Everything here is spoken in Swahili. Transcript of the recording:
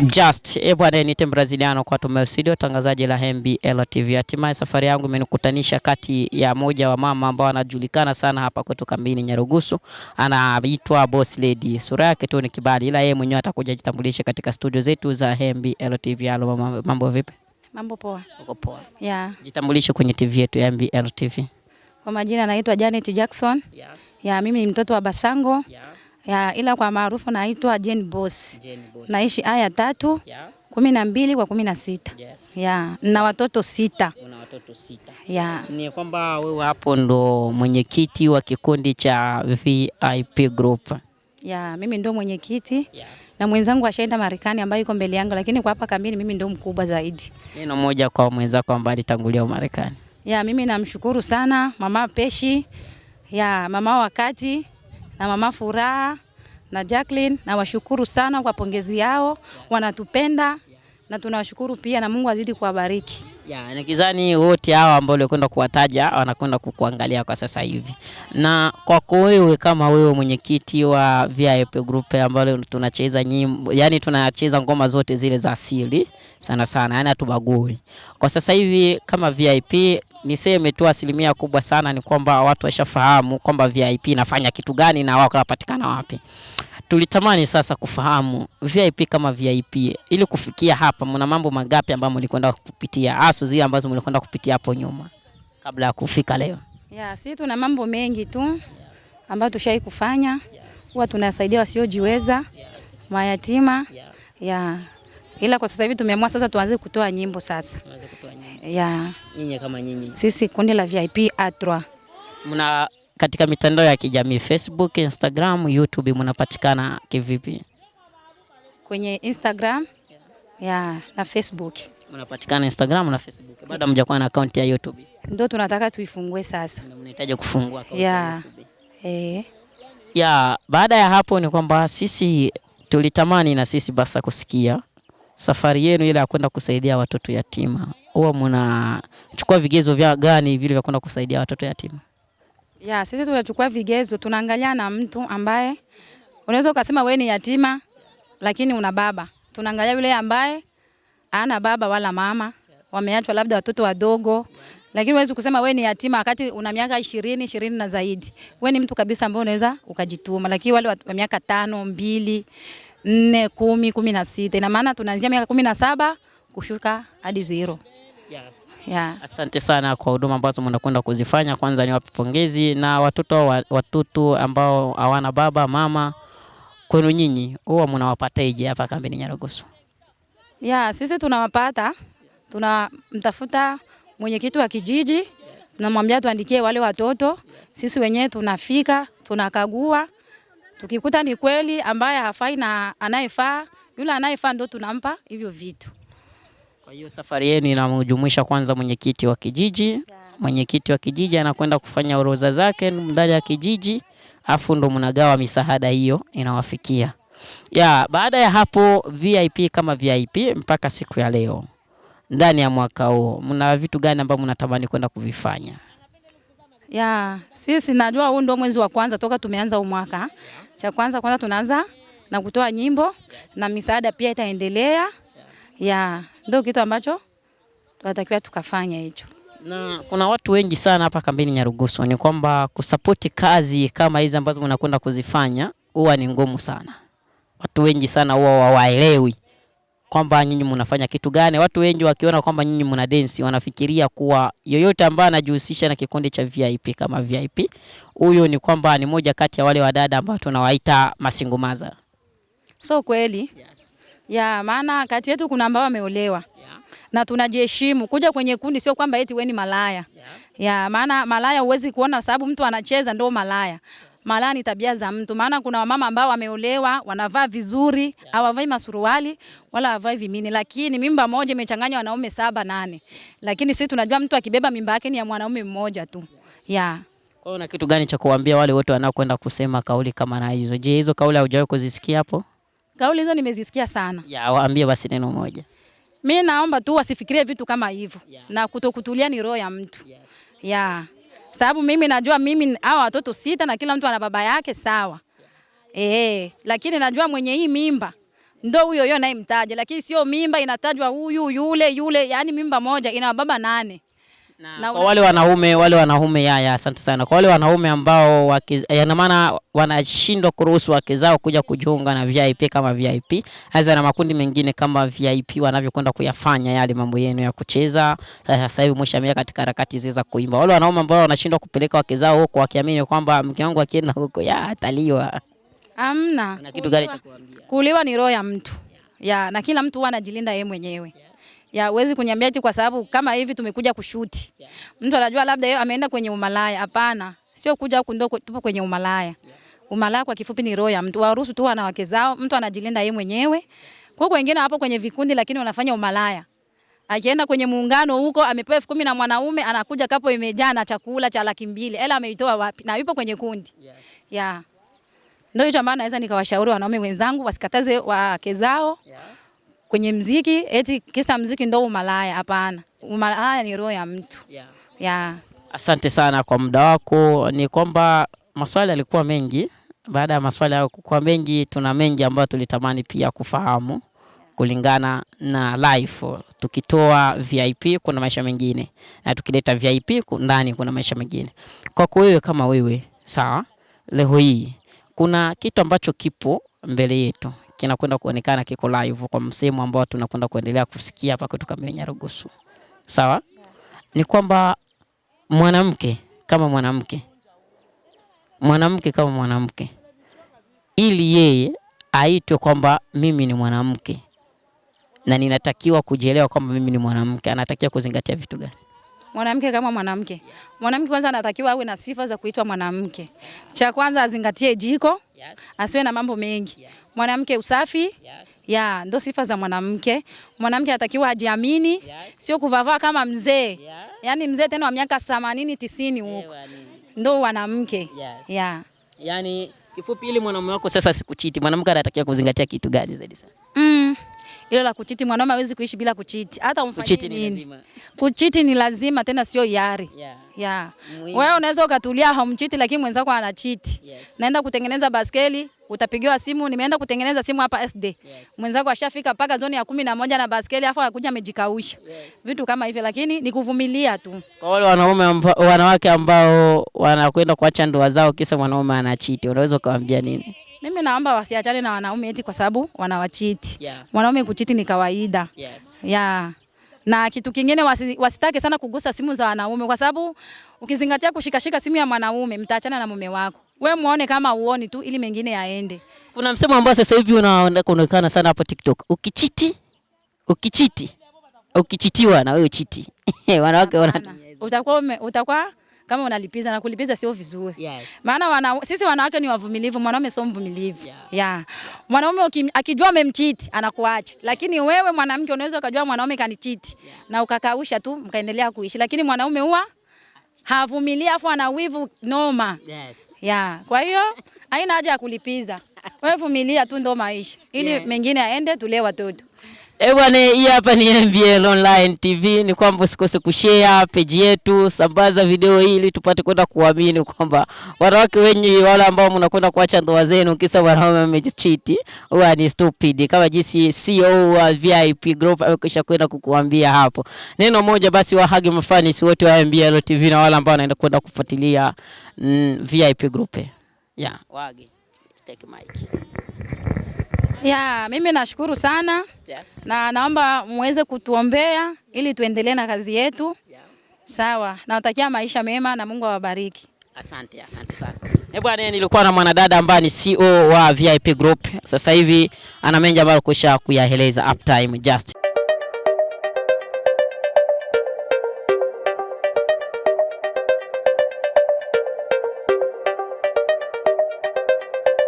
Just e bwana, tem Braziliano kwa Tumel Studio, tangazaji la MBL TV. Hatimaye safari yangu imenikutanisha kati ya moja wa mama ambao anajulikana sana hapa kwetu kambini Nyarugusu, anaitwa Boss Lady. Sura yake tu ni kibali, ila yeye mwenyewe atakuja jitambulisha katika studio zetu za MBL TV. Halo mama, mambo vipi? Mambo poa. Uko poa? Yeah. Jitambulishe kwenye TV yetu ya MBL TV. Kwa majina anaitwa Janet Jackson. Yes. Ya, mimi ni mtoto wa Basango. Yeah ya, ila kwa maarufu naitwa Jane Boss. Jane Boss. Naishi aya tatu kumi na mbili kwa kumi na sita yes. na watoto sita. Una watoto sita. Ya. Ni kwamba wewe hapo ndo mwenyekiti wa kikundi cha VIP Group. Ya, mimi ndo mwenyekiti na mwenzangu ashaenda Marekani ambayo iko mbele yangu, lakini kwa hapa kambini mimi ndo mkubwa zaidi. Neno moja kwa mwenzako ambaye alitangulia Marekani. ya mimi namshukuru sana mama Peshi ya mama wakati na mama Furaha na Jacqueline, na washukuru sana kwa pongezi yao, wanatupenda na tunawashukuru pia, na Mungu azidi kuwabariki. Ya, nikizani wote hawa ambao ulikwenda kuwataja wanakwenda kukuangalia kwa sasa hivi, na kwako wewe kama wewe mwenyekiti wa VIP group ambalo tunacheza nyimbo, yani tunacheza ngoma zote zile za asili sana sana, yani hatubagui. Kwa sasa hivi kama VIP niseme tu asilimia kubwa sana ni kwamba watu washafahamu kwamba VIP inafanya kitu gani na wako wanapatikana wapi. Tulitamani sasa kufahamu VIP kama VIP, ili kufikia hapa, mna mambo magapi ambayo mlikwenda kupitia, hasa zile ambazo mlikwenda kupitia hapo nyuma kabla ya kufika leo? Yeah, si tuna mambo mengi tu ambayo tushai kufanya, huwa tunasaidia wasiojiweza, mayatima yeah. Yeah. Ila kwa sasa hivi tumeamua sasa tuanze kutoa nyimbo sasa ya nyinyi kama nyinyi, sisi kundi la VIP A3 mna katika mitandao ya kijamii Facebook, Instagram, YouTube mnapatikana kivipi? Kwenye Instagram ya na Facebook mnapatikana Instagram na Facebook, bado hamjakuwa na account ya YouTube. Ndio tunataka tuifungue sasa. mnahitaji kufungua account ya YouTube. Eh. Ya, baada ya hapo ni kwamba sisi tulitamani na sisi basa kusikia safari yenu ile ya kwenda kusaidia watoto yatima huwa mnachukua vigezo vya gani vile vya kwenda kusaidia watoto yatima? Ya, sisi tunachukua vigezo, tunaangalia na mtu ambaye unaweza ukasema wewe ni yatima lakini una baba. Tunaangalia yule ambaye ana baba wala mama, wameachwa labda watoto wadogo, lakini unaweza kusema wewe ni yatima wakati una miaka 20, 20 na zaidi. Wewe ni mtu kabisa ambaye unaweza ukajituma, lakini wale wa miaka tano mbili nne kumi kumi na sita ina maana tunaanzia miaka kumi na saba kushuka hadi zero. Yes. Yeah. Asante sana kwa huduma ambazo mnakwenda kuzifanya. Kwanza ni wapongezi na watoto watutu ambao hawana baba mama, kwenu nyinyi huwa mnawapataje hapa kambini Nyarugusu? Yeah, sisi tunawapata, tunamtafuta mwenyekiti wa kijiji, tunamwambia tuandikie wale watoto. Sisi wenyewe tunafika, tunakagua, tukikuta ni kweli ambaye hafai na anayefaa, yule anayefaa ndo tunampa hivyo vitu. Kwa hiyo safari yenu inamjumuisha kwanza mwenyekiti wa kijiji. Mwenyekiti wa kijiji anakwenda kufanya orodha zake ndani ya kijiji, afu ndo mnagawa misaada hiyo inawafikia. Ya, baada ya hapo VIP kama VIP mpaka siku ya leo, ndani ya mwaka huo mna vitu gani ambavyo mnatamani kwenda kuvifanya? Ya, sisi najua huu ndio mwezi wa kwanza toka tumeanza mwaka. Cha kwanza kwanza tunaanza na kutoa nyimbo na misaada pia itaendelea ya ndio kitu ambacho tunatakiwa tukafanya hicho. Na kuna watu wengi sana hapa kambini Nyarugusu, ni kwamba kusapoti kazi kama hizi ambazo mnakwenda kuzifanya huwa ni ngumu sana. Watu wengi sana huwa hawaelewi kwamba nyinyi mnafanya kitu gani. Watu wengi wakiona kwamba nyinyi mna dance, wanafikiria kuwa yoyote ambaye anajihusisha na kikundi cha VIP kama VIP, huyo ni kwamba ni moja kati ya wale wadada ambao tunawaita masingumaza. So kweli yes ya maana kati yetu kuna ambao wameolewa yeah. na tunajiheshimu kuja kwenye kundi, sio kwamba eti wewe ni malaya yeah. ya maana malaya huwezi kuona sababu mtu anacheza ndo malaya yes. Malaya ni tabia za mtu, maana kuna wamama ambao wameolewa wanavaa vizuri yeah. Awavai masuruali wala awavai vimini, lakini mimba moja imechanganya wanaume saba nane, lakini sisi tunajua mtu akibeba mimba yake ni ya mwanaume mmoja tu ya yes. yeah. Kwa hiyo na kitu gani cha kuambia wale wote wanaokwenda kusema kauli kama na hizo? Je, hizo kauli haujawahi kuzisikia hapo? Kauli hizo nimezisikia sana. Ya, waambie basi neno moja. Mi naomba tu wasifikirie vitu kama hivyo yeah. Na kutokutulia ni roho ya mtu yes. Yeah. Sababu mimi najua mimi hawa watoto sita na kila mtu ana baba yake sawa. Yeah. Eh, lakini najua mwenye hii mimba ndo huyo huyo naye mtaja, lakini sio mimba inatajwa huyu yule yule, yani mimba moja ina baba nane. Na, kwa wale wanaume wale wanaume yaya, asante sana kwa wale wanaume ambao yana eh, maana wanashindwa kuruhusu wake zao kuja kujiunga na VIP kama VIP hasa na makundi mengine kama VIP wanavyokwenda kuyafanya yale mambo yenu ya kucheza. Sasa hivi mwishamia katika harakati zile za kuimba, wale wanaume ambao wanashindwa kupeleka wake zao huko wakiamini kwamba mke wangu akienda huko ya ataliwa. Amna. Kuna kitu gani cha kuambia? ni roho ya mtu. Ya, na kila mtu huwa anajilinda yeye mwenyewe. Yeah ya uwezi kuniambia eti kwa sababu kama hivi tumekuja kushuti. Yeah. Mtu anajua labda yeye ameenda kwenye umalaya. Hapana. Sio kuja huku ndio tupo kwenye umalaya. Yeah. Umalaya kwa kifupi ni roho ya mtu. Waruhusu tu ana wake zao, mtu anajilinda yeye mwenyewe. Kwa hiyo wengine hapo kwenye vikundi lakini wanafanya umalaya. Akienda kwenye muungano huko amepewa elfu kumi na mwanaume anakuja kapo imejaa na chakula cha laki mbili. Ela ameitoa wapi? Na yupo kwenye kundi. Yes. Yeah. Ndio hicho maana naweza nikawashauri wanaume wenzangu wasikataze wake zao. Yeah kwenye mziki eti kisa mziki ndo umalaya. Hapana, umalaya ni roho ya mtu yeah. Yeah. Asante sana kwa muda wako. Ni kwamba maswali yalikuwa mengi. Baada ya maswali hayo kuwa mengi, tuna mengi ambayo tulitamani pia kufahamu kulingana na life. Tukitoa VIP kuna maisha mengine, na tukileta VIP ndani kuna maisha mengine. Kwako wewe kama wewe, sawa, leo hii kuna kitu ambacho kipo mbele yetu kinakwenda kuonekana kiko live kwa msimu ambao tunakwenda kuendelea kusikia hapa kutoka Nyarugusu. Sawa? Ni kwamba mwanamke kama mwanamke, mwanamke kama mwanamke, ili yeye aitwe kwamba mimi ni mwanamke na ninatakiwa kujielewa kwamba mimi ni mwanamke, anatakiwa kuzingatia vitu gani? mwanamke kama mwanamke. Mwanamke kwanza anatakiwa awe na sifa za kuitwa mwanamke. Cha kwanza azingatie jiko, asiwe na mambo mengi. Mwanamke usafi, ya ndo sifa za mwanamke. Mwanamke anatakiwa ajiamini, sio kuvavaa kama mzee, yaani mzee tena wa miaka 80 90 huko, ndo wanamke ya yani. Kifupi, ili mwanamume wako sasa sikuchiti, mwanamke anatakiwa kuzingatia kitu gani zaidi sana? mm. Hilo la kuchiti, mwanaume hawezi kuishi bila kuchiti, hata umfanyie nini. Kuchiti ni lazima, tena sio hiari. Yeah. Yeah. Wewe unaweza ukatulia haumchiti, lakini mwenzako anachiti. Yes. Naenda kutengeneza baskeli utapigiwa simu, nimeenda kutengeneza simu hapa SD. Yes. Mwenzako ashafika paka zoni ya kumi na moja na baskeli, afu anakuja amejikausha. Yes. Vitu kama hivyo, lakini ni kuvumilia tu. Kwa wale wanaume wanawake ambao wanakwenda kuacha ndoa zao kisa mwanaume anachiti, unaweza ukawaambia nini? wanaume naomba wasiachane na wanaume eti kwa sababu wanawachiti. Yeah. Wanaume kuchiti ni kawaida. Yes. Yeah. Na kitu kingine wasi, wasitake sana kugusa simu za wanaume kwa sababu ukizingatia kushikashika simu ya mwanaume mtaachana na mume wako. We muone kama uoni tu ili mengine yaende. Kuna msemo ambao sasa hivi unaonekana sana hapo TikTok. Ukichiti, ukichiti, ukichitiwa na wewe chiti. Wanawake wana utakuwa utakuwa kama unalipiza na kulipiza sio vizuri. Yes. Maana wana, sisi wanawake ni wavumilivu, mwanaume sio mvumilivu. Yeah. Yeah. Mwanaume akijua amemchiti anakuacha. Lakini wewe mwanamke unaweza ukajua mwanaume kanichiti. Yeah. Na ukakausha tu mkaendelea kuishi. Lakini mwanaume huwa havumilia afu ana wivu noma. Yes. Yeah. Kwa hiyo haina haja ya kulipiza. Wewe vumilia tu ndo maisha. Ili yeah, mengine aende tulee watoto. Eh, hii hapa ni MBL Online TV. Ni kwamba usikose kushare page yetu, sambaza video hii ili tupate kwenda kuamini kwamba wanawake wenyu wale ambao mnakwenda kuacha ndoa zenu kisa wanaume wamejichiti, huwa ni stupid. Kama jinsi CEO wa VIP Group amekisha kwenda kukuambia hapo. Neno moja basi wahage mafanisi wote wa MBL TV na wale ambao wanaenda kwenda kufuatilia mm, VIP Group. Yeah, wahage. Take mic. Ya, mimi nashukuru sana yes. Na naomba muweze kutuombea ili tuendelee na kazi yetu yeah. Sawa, nawatakia maisha mema na Mungu awabariki. Asante, asante sana. Eh, bwana nilikuwa na mwanadada ambaye ni CEO wa VIP Group. Sasa hivi ana mengi ambayo kusha kuyaeleza uptime just